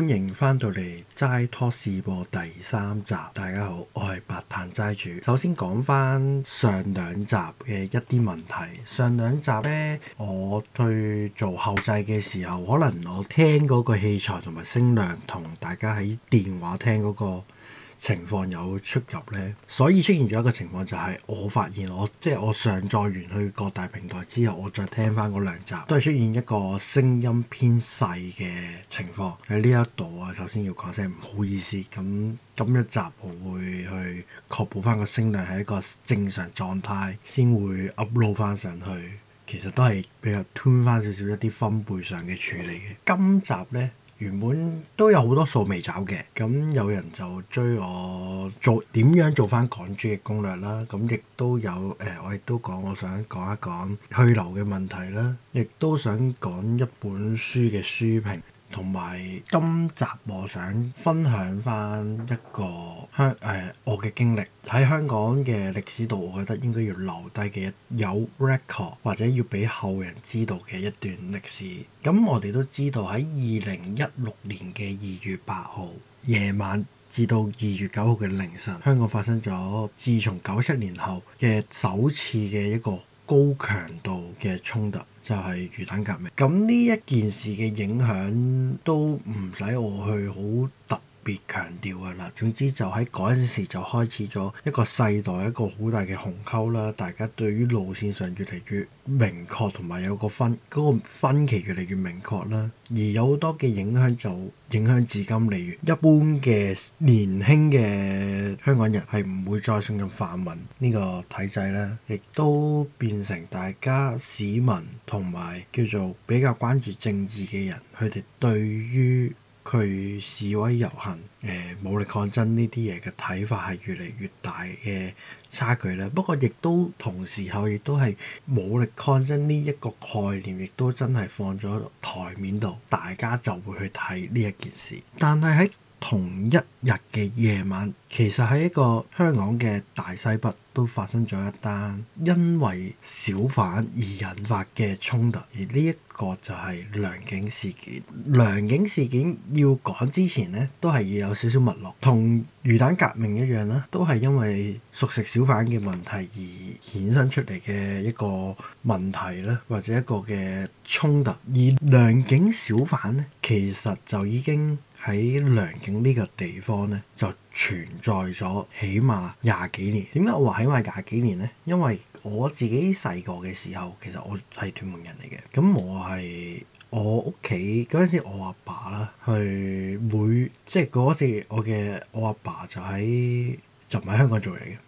歡迎翻到嚟齋 Talk 試播第三集，大家好，我係百彈齋主。首先講翻上兩集嘅一啲問題，上兩集咧，我對做後製嘅時候，可能我聽嗰個器材同埋聲量，同大家喺電話聽嗰、那個情況有出入呢，所以出現咗一個情況就係，我發現我即係、就是、我上載完去各大平台之後，我再聽翻嗰兩集，都係出現一個聲音偏細嘅情況喺呢一度啊。首先要講聲唔好意思，咁今一集我會去確保翻個聲量係一個正常狀態，先會 upload 翻上去。其實都係比較 tune 翻少少一啲分貝上嘅處理嘅。今集呢。原本都有好多數未找嘅，咁有人就追我做點樣做翻港珠嘅攻略啦，咁亦都有誒、呃，我亦都講我想講一講去留嘅問題啦，亦都想講一本書嘅書評。同埋今集我想分享翻一個香誒、呃、我嘅經歷喺香港嘅歷史度，我覺得應該要留低嘅一有 record 或者要俾後人知道嘅一段歷史。咁我哋都知道喺二零一六年嘅二月八號夜晚至到二月九號嘅凌晨，香港發生咗自從九七年後嘅首次嘅一個高強度嘅衝突。就係魚蛋革命，咁呢一件事嘅影響都唔使我去好突。別強調嘅啦，總之就喺嗰陣時就開始咗一個世代一個好大嘅鴻溝啦。大家對於路線上越嚟越明確，同埋有個分嗰個分歧越嚟越明確啦。而有好多嘅影響就影響至今嚟，一般嘅年輕嘅香港人係唔會再信任泛民呢個體制啦，亦都變成大家市民同埋叫做比較關注政治嘅人，佢哋對於佢示威遊行、誒、呃、武力抗爭呢啲嘢嘅睇法係越嚟越大嘅差距咧。不過亦都同時候，亦都係武力抗爭呢一個概念，亦都真係放咗台面度，大家就會去睇呢一件事。但係喺同一日嘅夜晚，其實喺一個香港嘅大西北都發生咗一單因為小販而引發嘅衝突，而呢一個就係良景事件。良景事件要講之前呢，都係要有少少脈絡，同魚蛋革命一樣啦，都係因為熟食小販嘅問題而衍生出嚟嘅一個問題啦，或者一個嘅衝突。而良景小販呢，其實就已經～喺良景呢個地方咧，就存在咗起碼廿幾年。點解我話起碼廿幾年咧？因為我自己細個嘅時候，其實我係屯門人嚟嘅。咁我係我屋企嗰陣時，我阿爸啦，係每即係嗰陣時我，我嘅我阿爸就喺就唔喺香港做嘢嘅。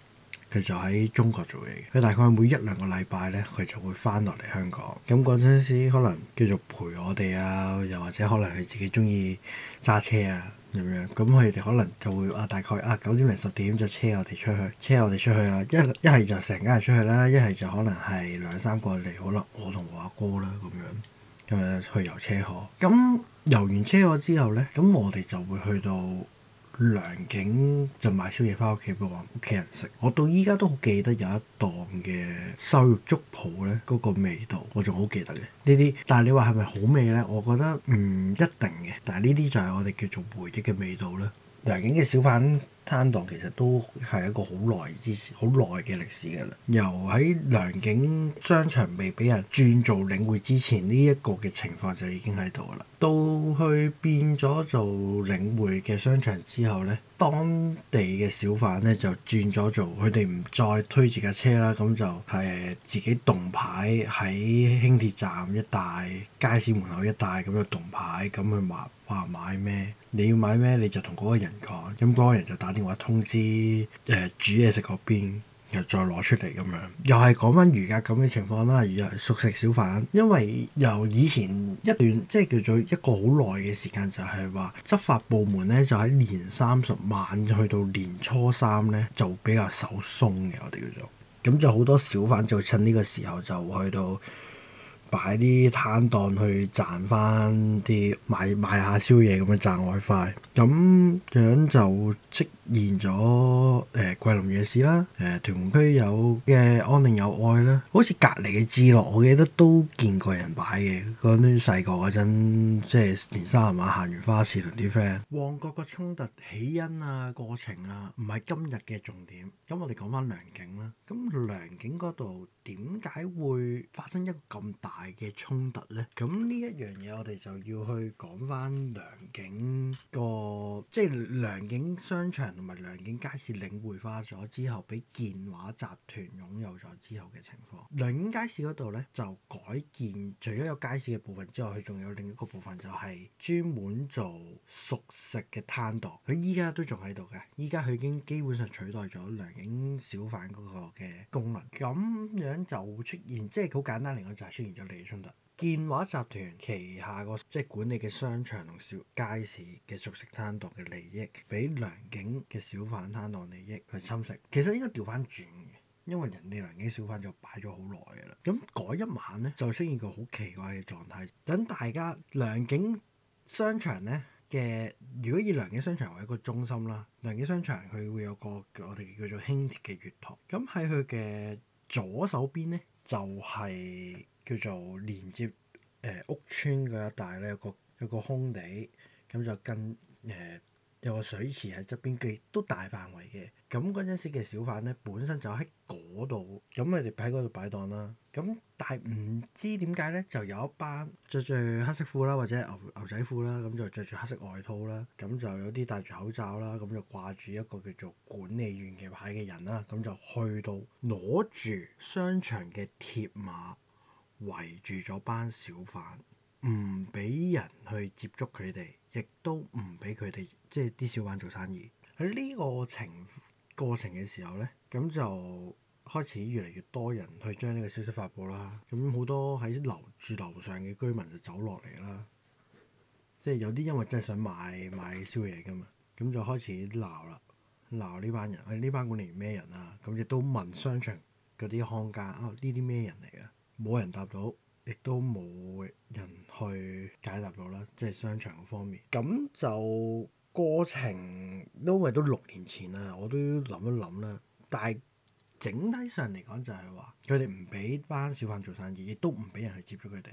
佢就喺中國做嘢，佢大概每一兩個禮拜咧，佢就會翻落嚟香港。咁嗰陣時可能叫做陪我哋啊，又或者可能佢自己中意揸車啊咁樣。咁佢哋可能就會啊大概啊九點零十點就車我哋出去，車我哋出去啦。一一係就成家人出去啦，一係就可能係兩三個嚟，可能我同我阿哥啦咁樣咁樣去游車河。咁游完車河之後咧，咁我哋就會去到。良景就買宵夜翻屋企俾我屋企人食，我到依家都好記得有一檔嘅瘦肉粥鋪咧，嗰個味道我仲好記得嘅。呢啲，但係你話係咪好味咧？我覺得唔一定嘅。但係呢啲就係我哋叫做回憶嘅味道啦。良景嘅小販攤檔其實都係一個好耐之前、好耐嘅歷史㗎啦。由喺良景商場未俾人轉做領匯之前，呢、這、一個嘅情況就已經喺度啦。到去變咗做領匯嘅商場之後咧，當地嘅小販咧就轉咗做，佢哋唔再推住架車啦，咁就係自己動牌喺輕鐵站一帶、街市門口一帶咁嘅動牌，咁去話話買咩？你要買咩你就同嗰個人講，咁嗰個人就打電話通知誒、呃、煮嘢食嗰邊，然後再攞出嚟咁樣，又係講翻而家咁嘅情況啦，又係熟食小販，因為由以前一段即係叫做一個好耐嘅時間就，就係話執法部門咧就喺年三十晚去到年初三咧就比較手鬆嘅，我哋叫做，咁就好多小販就趁呢個時候就去到。擺啲攤檔去賺翻啲賣賣下宵夜，咁樣賺外快，咁樣就即。現咗誒、呃、桂林夜市啦，誒、呃、屯門區有嘅、呃、安定有愛啦，好似隔離嘅置樂，我記得都見過人擺嘅。嗰啲細個嗰陣，即係年三十晚行完花市同啲 friend。旺角個衝突起因啊、過程啊，唔係今日嘅重點。咁我哋講翻良景啦。咁良景嗰度點解會發生一個咁大嘅衝突咧？咁呢一樣嘢我哋就要去講翻良景個，即係良景商場、啊。同埋良景街市領匯化咗之後，俾建華集團擁有咗之後嘅情況，良景街市嗰度咧就改建，除咗有街市嘅部分之外，佢仲有另一個部分就係專門做熟食嘅攤檔，佢依家都仲喺度嘅，依家佢已經基本上取代咗良景小販嗰個嘅功能，咁樣就出現，即係好簡單嚟講就係出現咗利益衝突。建華集團旗下個即係管理嘅商場同小街市嘅熟食攤檔嘅利益，俾良景嘅小販攤檔利益去侵蝕，其實應該調翻轉嘅，因為人哋良景小販就擺咗好耐嘅啦。咁嗰一晚呢，就出現個好奇怪嘅狀態。等大家良景商場呢嘅，如果以良景商場為一個中心啦，良景商場佢會有個我哋叫做輕鐵嘅月台。咁喺佢嘅左手邊呢，就係、是。叫做連接誒、呃、屋村嗰一帶咧，有一個有一個空地，咁就跟誒、呃、有個水池喺側邊嘅，都大範圍嘅。咁嗰陣時嘅小販咧，本身就喺嗰度，咁佢哋喺嗰度擺檔啦。咁但係唔知點解咧，就有一班著住黑色褲啦，或者牛牛仔褲啦，咁就著住黑色外套啦，咁就有啲戴住口罩啦，咁就掛住一個叫做管理員嘅牌嘅人啦，咁就去到攞住商場嘅鐵馬。圍住咗班小販，唔俾人去接觸佢哋，亦都唔俾佢哋即係啲小販做生意喺呢個情過程嘅時候咧，咁就開始越嚟越多人去將呢個消息發布啦。咁好多喺樓住樓上嘅居民就走落嚟啦，即係有啲因為真係想買買宵夜㗎嘛，咁就開始鬧啦，鬧呢班人，誒呢班管理係咩人啊？咁亦都問商場嗰啲看家啊，呢啲咩人嚟㗎？冇人答到，亦都冇人去解答到啦。即係商場方面，咁就過程都未到六年前啦。我都諗一諗啦，但係整體上嚟講，就係話佢哋唔俾班小販做生意，亦都唔俾人去接觸佢哋，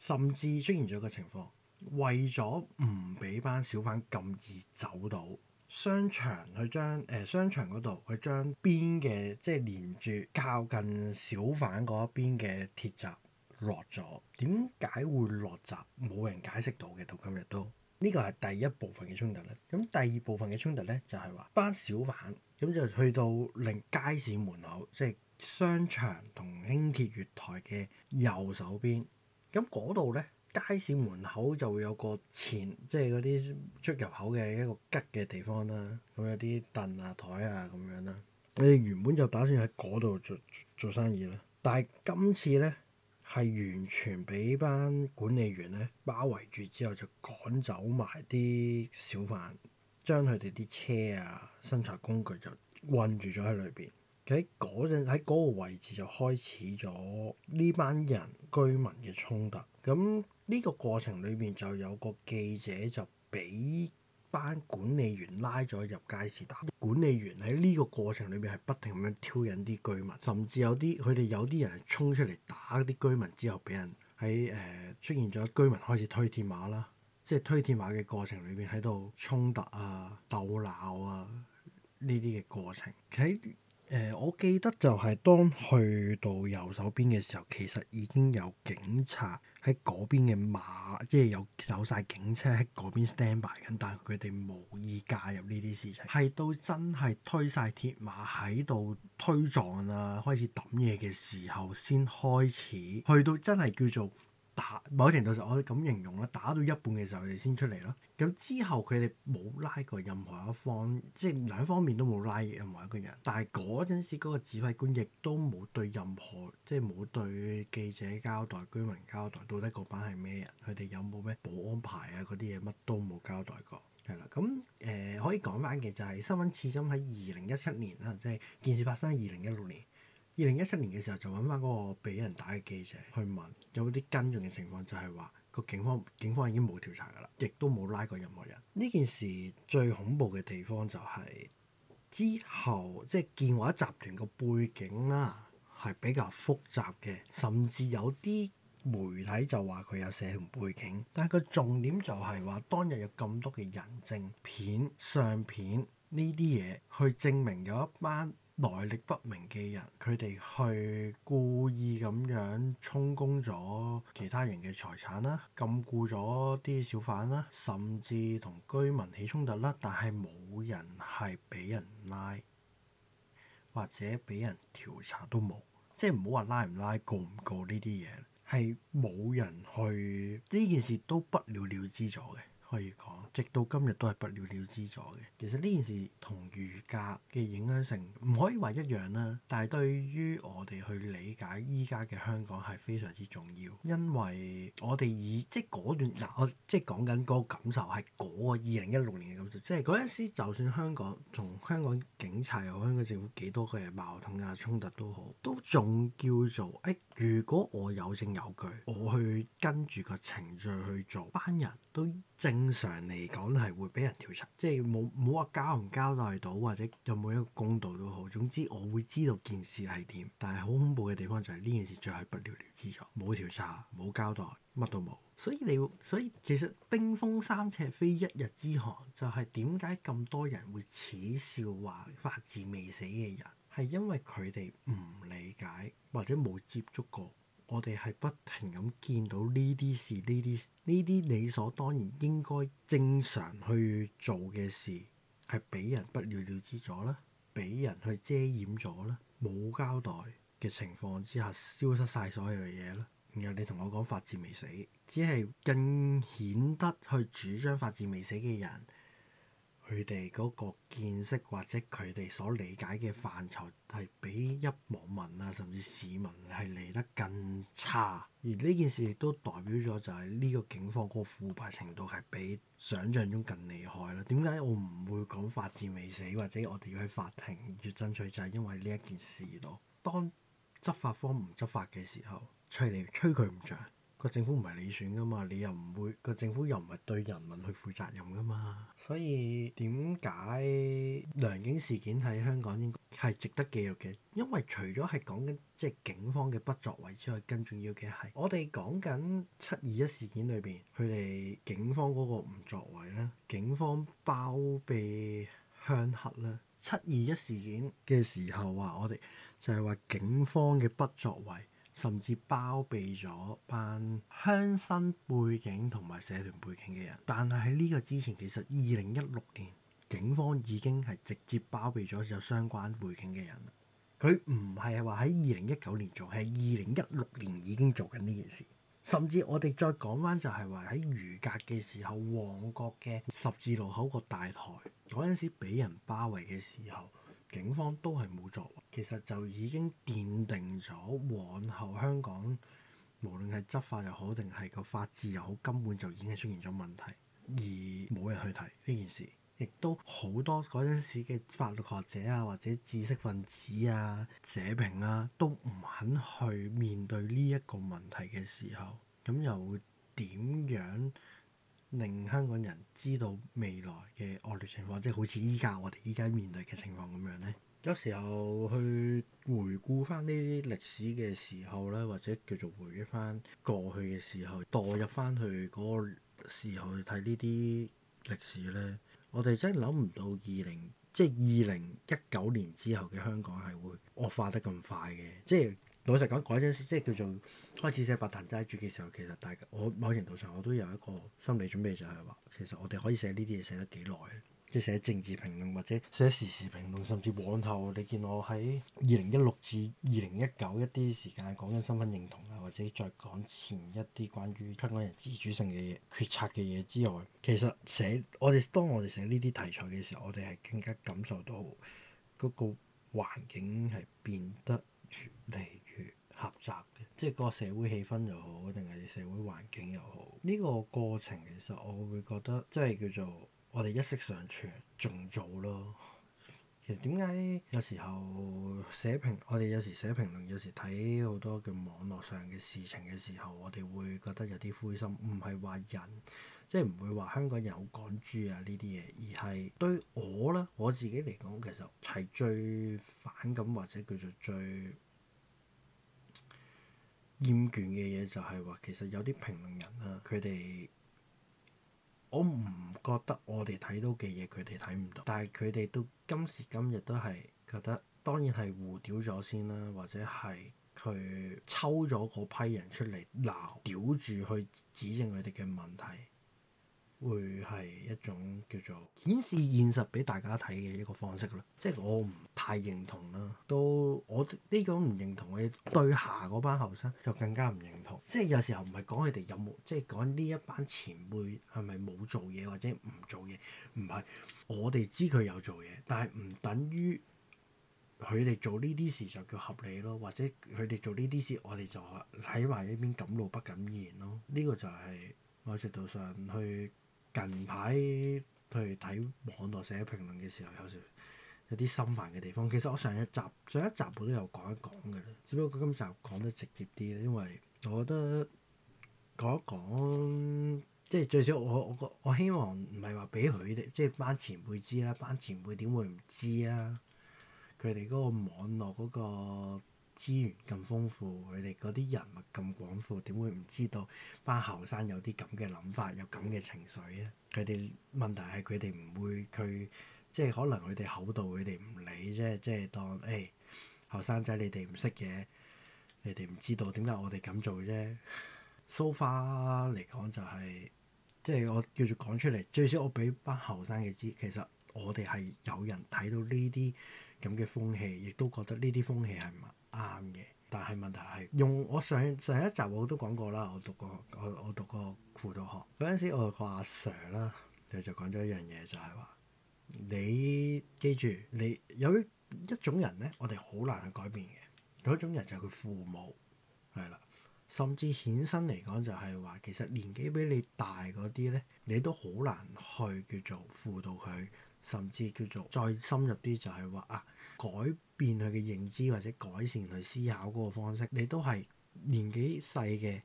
甚至出現咗個情況，為咗唔俾班小販咁易走到。商場去將誒、呃、商場嗰度去將邊嘅即係連住靠近小販嗰一邊嘅鐵閘落咗，點解會落閘？冇人解釋到嘅。到今日都呢個係第一部分嘅衝突啦。咁第二部分嘅衝突咧就係、是、話班小販咁就去到令街市門口，即係商場同輕鐵月台嘅右手邊，咁嗰度咧。街市門口就會有個前，即係嗰啲出入口嘅一個吉嘅地方啦。咁有啲凳啊、台啊咁樣啦。我哋 原本就打算喺嗰度做做生意啦，但係今次呢，係完全俾班管理員呢，包圍住之後，就趕走埋啲小販，將佢哋啲車啊、生產工具就困住咗喺裏邊。喺嗰陣喺嗰個位置就開始咗呢班人居民嘅衝突。咁呢個過程裏面就有個記者就俾班管理員拉咗入街市打。管理員喺呢個過程裏面係不停咁樣挑釁啲居民，甚至有啲佢哋有啲人係衝出嚟打啲居民，之後俾人喺誒、呃、出現咗居民開始推鐵馬啦。即係推鐵馬嘅過程裏面喺度衝突啊、鬥鬧啊呢啲嘅過程。喺誒、呃，我記得就係當去到右手邊嘅時候，其實已經有警察。喺嗰邊嘅馬，即係有走晒警車喺嗰邊 stand by 緊，但係佢哋無意介入呢啲事情，係到真係推晒鐵馬喺度推撞啦，開始揼嘢嘅時候先開始去到真係叫做。打某程度上，我咁形容啦，打到一半嘅時候，佢哋先出嚟咯。咁之後佢哋冇拉過任何一方，即係兩方面都冇拉任何一個人。但係嗰陣時嗰個指揮官亦都冇對任何，即係冇對記者交代、居民交代，到底嗰班係咩人？佢哋有冇咩保安牌啊？嗰啲嘢乜都冇交代過。係啦，咁誒、呃、可以講翻嘅就係新聞刺針喺二零一七年啦，即係件事發生喺二零一六年。二零一七年嘅時候就揾翻嗰個俾人打嘅記者去問，有冇啲跟進嘅情況，就係話個警方警方已經冇調查㗎啦，亦都冇拉過任何人。呢件事最恐怖嘅地方就係之後即係建華集團個背景啦，係比較複雜嘅，甚至有啲媒體就話佢有社團背景，但係佢重點就係話當日有咁多嘅人證片、相片呢啲嘢去證明有一班來歷不明嘅人，佢哋去故意咁樣充公咗其他人嘅財產啦，禁錮咗啲小販啦，甚至同居民起衝突啦，但係冇人係俾人拉，或者俾人調查都冇，即係唔好話拉唔拉告唔告呢啲嘢，係冇人去。呢件事都不了了之咗嘅。可以講，直到今日都係不了了之咗嘅。其實呢件事同儒家嘅影響性唔可以話一樣啦，但係對於我哋去理解依家嘅香港係非常之重要，因為我哋以即嗰段嗱我，啊、即係講緊嗰個感受係嗰個二零一六年嘅感受，即係嗰陣時就算香港同香港警察同香港政府幾多嘅矛盾啊、衝突都好，都仲叫做誒，欸。如果我有證有據，我去跟住個程序去做，班人都。正常嚟講係會俾人調查，即係冇冇話交唔交代到，或者有冇一個公道都好。總之我會知道件事係點，但係好恐怖嘅地方就係呢件事最後不了了之咗，冇調查，冇交代，乜都冇。所以你，所以其實冰封三尺非一日之寒，就係點解咁多人會恥笑話法治未死嘅人，係因為佢哋唔理解或者冇接觸過。我哋係不停咁見到呢啲事，呢啲呢啲理所當然應該正常去做嘅事，係俾人不了了之咗啦，俾人去遮掩咗啦，冇交代嘅情況之下消失晒所有嘅嘢啦。然後你同我講法治未死，只係更顯得去主張法治未死嘅人。佢哋嗰個見識或者佢哋所理解嘅範疇係比一網民啊，甚至市民係嚟得更差，而呢件事亦都代表咗就係呢個警方個腐敗程度係比想像中更厲害啦。點解我唔會講法治未死，或者我哋要喺法庭要爭取，就係因為呢一件事咯。當執法方唔執法嘅時候，吹你吹佢唔脹。個政府唔係你選噶嘛，你又唔會個政府又唔係對人民去負責任噶嘛，所以點解良景事件喺香港應該係值得記錄嘅？因為除咗係講緊即係警方嘅不作為之外，更重要嘅係我哋講緊七二一事件裏邊佢哋警方嗰個唔作為啦，警方包庇鄉黑啦。七二一事件嘅時候話，我哋就係、是、話警方嘅不作為。甚至包庇咗班鄉紳背景同埋社團背景嘅人，但係喺呢個之前，其實二零一六年警方已經係直接包庇咗有相關背景嘅人。佢唔係話喺二零一九年做，係二零一六年已經做緊呢件事。甚至我哋再講翻就係話，喺魚革嘅時候，旺角嘅十字路口個大台嗰陣時俾人包圍嘅時候，警方都係冇作為，其實就已經奠定咗往後香港無論係執法又好，定係個法治又好，根本就已經出現咗問題，而冇人去提呢件事，亦都好多嗰陣時嘅法律學者啊，或者知識分子啊、社評啊，都唔肯去面對呢一個問題嘅時候，咁又會點樣？令香港人知道未來嘅惡劣情況，即係好似依家我哋依家面對嘅情況咁樣咧。有時候去回顧翻呢啲歷史嘅時候咧，或者叫做回憶翻過去嘅時候，代入翻去嗰個時候去睇呢啲歷史咧，我哋真係諗唔到二零即係二零一九年之後嘅香港係會惡化得咁快嘅，即係。老實講，嗰陣即係叫做開始寫《百彈齋主》嘅時候，其實大我某程度上我都有一個心理準備就，就係話其實我哋可以寫呢啲嘢寫得幾耐，即係寫政治評論或者寫時事評論，甚至往後你見我喺二零一六至二零一九一啲時間講緊身份認同啊，或者再講前一啲關於香港人自主性嘅嘢、決策嘅嘢之外，其實寫我哋當我哋寫呢啲題材嘅時候，我哋係更加感受到嗰個環境係變得越嚟。合集嘅，即係個社會氣氛又好，定係社會環境又好，呢、這個過程其實我會覺得即係叫做我哋一息尚存，仲早咯。其實點解有時候寫評，我哋有時寫評論，有時睇好多嘅網絡上嘅事情嘅時候，我哋會覺得有啲灰心，唔係話人即係唔會話香港人好港豬啊呢啲嘢，而係對我咧，我自己嚟講其實係最反感或者叫做最。厭倦嘅嘢就係話，其實有啲評論人啊，佢哋我唔覺得我哋睇到嘅嘢，佢哋睇唔到，但係佢哋到今時今日都係覺得，當然係互屌咗先啦，或者係佢抽咗嗰批人出嚟鬧屌住去指正佢哋嘅問題。會係一種叫做顯示現實俾大家睇嘅一個方式咯，即係我唔太認同啦。到我呢種唔認同嘅對下嗰班後生就更加唔認同。即係有時候唔係講佢哋有冇，即係講呢一班前輩係咪冇做嘢或者唔做嘢？唔係，我哋知佢有做嘢，但係唔等於佢哋做呢啲事就叫合理咯，或者佢哋做呢啲事，我哋就喺埋一邊敢怒不敢言咯。呢、這個就係我直頭上去。近排譬如睇網絡寫評論嘅時候，有時有啲心煩嘅地方。其實我上一集上一集我都有講一講嘅，只不過今集講得直接啲，因為我覺得講一講，即係最少我我我希望唔係話俾佢哋，即係班前輩知啦，班前輩點會唔知啊？佢哋嗰個網絡嗰個。資源咁豐富，佢哋嗰啲人脈咁廣闊，點會唔知道班後生有啲咁嘅諗法、有咁嘅情緒咧？佢哋問題係佢哋唔會佢即係可能佢哋口度佢哋唔理，啫。即係當誒後生仔，你哋唔識嘢，你哋唔知道點解我哋咁做啫？so far 嚟講就係、是、即係我叫做講出嚟，最少我俾班後生嘅知，其實我哋係有人睇到呢啲咁嘅風氣，亦都覺得呢啲風氣係唔啱。啱嘅，但係問題係用我上上一集我都講過啦，我讀過我我讀過輔導學嗰陣 時，我個阿 Sir 啦，佢就講咗一樣嘢，就係話你記住，你有一,一種人咧，我哋好難去改變嘅，嗰種人就係佢父母係啦，甚至衍生嚟講就係話，其實年紀比你大嗰啲咧，你都好難去叫做輔導佢，甚至叫做再深入啲就係話啊改。變佢嘅認知或者改善佢思考嗰個方式，你都係年紀細嘅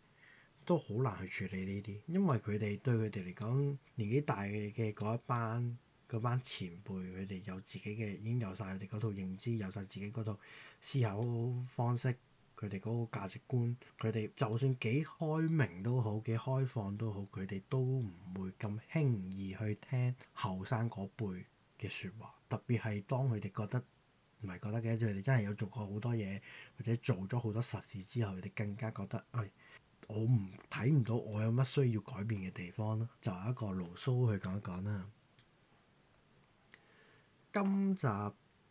都好難去處理呢啲，因為佢哋對佢哋嚟講，年紀大嘅嗰一班嗰班前輩，佢哋有自己嘅已經有晒佢哋嗰套認知，有晒自己嗰套思考方式，佢哋嗰個價值觀，佢哋就算幾開明都好，幾開放都好，佢哋都唔會咁輕易去聽後生嗰輩嘅說話，特別係當佢哋覺得。唔係覺得嘅，佢哋真係有做過好多嘢，或者做咗好多實事之後，佢哋更加覺得，誒，我唔睇唔到我有乜需要改變嘅地方咯，就係一個牢騷去講一講啦。今集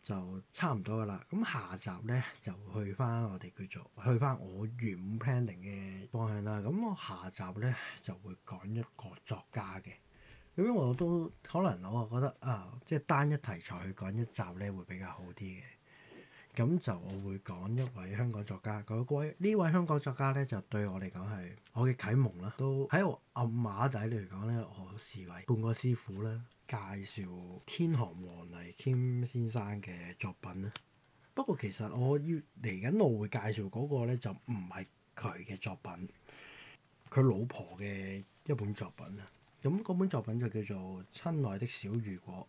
就差唔多噶啦，咁下集咧就去翻我哋叫做去翻我原本 planning 嘅方向啦。咁我下集咧就會講一個作家嘅。咁樣我都可能我覺得啊，即係單一題材去講一集咧，會比較好啲嘅。咁就我會講一位香港作家，嗰位呢位香港作家咧，就對我嚟講係我嘅啟蒙啦。都喺我暗馬仔嚟講咧，我視為半個師傅啦。介紹天寒黃泥 Kim 先生嘅作品啦。不過其實我要嚟緊，我會介紹嗰個咧，就唔係佢嘅作品，佢老婆嘅一本作品啊。咁嗰本作品就叫做《親愛的小雨果》，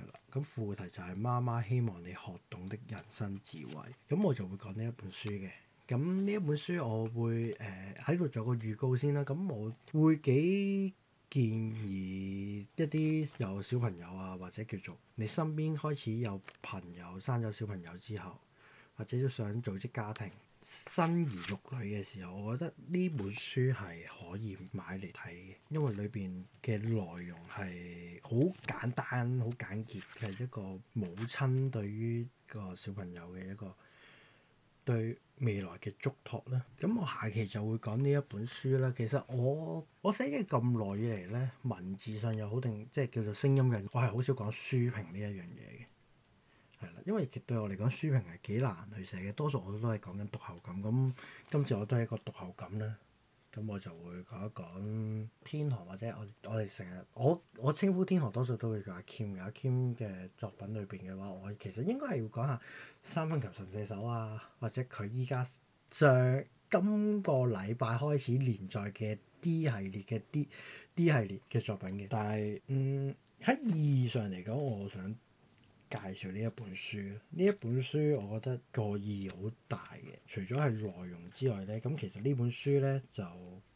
係啦。咁副題就係、是、媽媽希望你學懂的人生智慧。咁我就會講呢一本書嘅。咁呢一本書我會誒喺度做個預告先啦。咁我會幾建議一啲有小朋友啊，或者叫做你身邊開始有朋友生咗小朋友之後，或者都想組織家庭。生兒育女嘅時候，我覺得呢本書係可以買嚟睇嘅，因為裏邊嘅內容係好簡單、好簡潔嘅一個母親對於個小朋友嘅一個對未來嘅囑託啦。咁我下期就會講呢一本書啦。其實我我寫嘅咁耐以嚟咧，文字上又好定即係叫做聲音嘅，我係好少講書評呢一樣嘢嘅。係啦，因為對我嚟講，書評係幾難去寫嘅，多數我都係講緊讀後感。咁今次我都係一個讀後感啦。咁我就會講一講天河，或者我我哋成日我我稱呼天河多數都會叫阿 Kim 嘅、啊。阿 Kim 嘅作品裏邊嘅話，我其實應該係要講下三分球神射手啊，或者佢依家上今個禮拜開始連載嘅 D 系列嘅 D D 系列嘅作品嘅。但係嗯喺意義上嚟講，我想。介紹呢一本書，呢一本書我覺得個意義好大嘅，除咗係內容之外咧，咁其實呢本書咧，就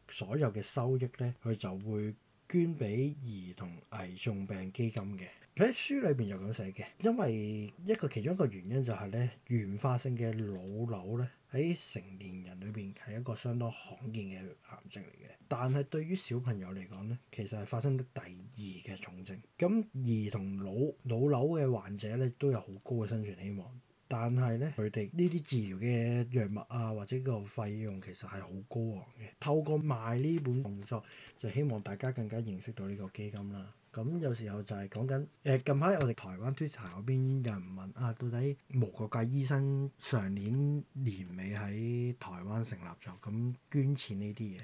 所有嘅收益咧，佢就會捐俾兒童危重病基金嘅。喺書裏邊就咁寫嘅，因為一個其中一個原因就係咧，原發性嘅腦瘤咧喺成年人裏邊係一個相當罕見嘅癌症嚟嘅，但係對於小朋友嚟講咧，其實係發生咗第二嘅重症。咁兒童腦腦瘤嘅患者咧都有好高嘅生存希望，但係咧佢哋呢啲治療嘅藥物啊或者個費用其實係好高昂嘅。透過賣呢本著作，就希望大家更加認識到呢個基金啦。咁有時候就係講緊誒，近排我哋台灣 Twitter 嗰邊有人問啊，到底無國界醫生上年年尾喺台灣成立咗，咁捐錢呢啲嘢？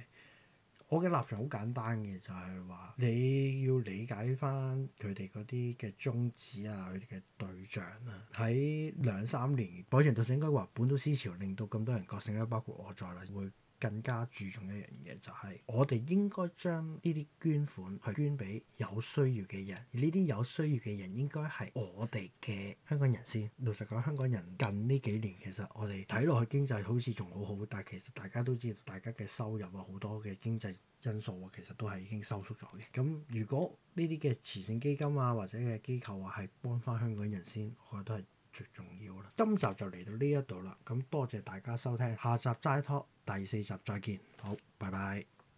我嘅立場好簡單嘅，就係話你要理解翻佢哋嗰啲嘅宗旨啊，佢哋嘅對象啊，喺兩三年，保存到應該話本土思潮令到咁多人覺醒啦，包括我在內會。更加注重一樣嘢就係，我哋應該將呢啲捐款去捐俾有需要嘅人，而呢啲有需要嘅人應該係我哋嘅香港人先。老實講，香港人近呢幾年其實我哋睇落去經濟好似仲好好，但係其實大家都知道，大家嘅收入啊好多嘅經濟因素啊，其實都係已經收縮咗嘅。咁如果呢啲嘅慈善基金啊或者嘅機構啊係幫翻香港人先，我覺得係。最重要啦，今集就嚟到呢一度啦，咁多謝大家收聽，下集齋 Talk 第四集再見，好，拜拜。